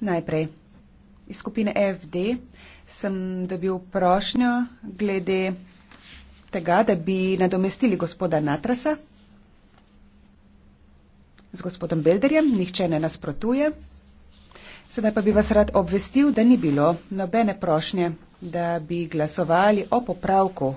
Najprej. Iz skupine FD sem dobil prošnjo glede tega, da bi nadomestili gospoda Natrasa z gospodom Belderjem. Nihče ne nasprotuje. Sedaj pa bi vas rad obvestil, da ni bilo nobene prošnje, da bi glasovali o popravku.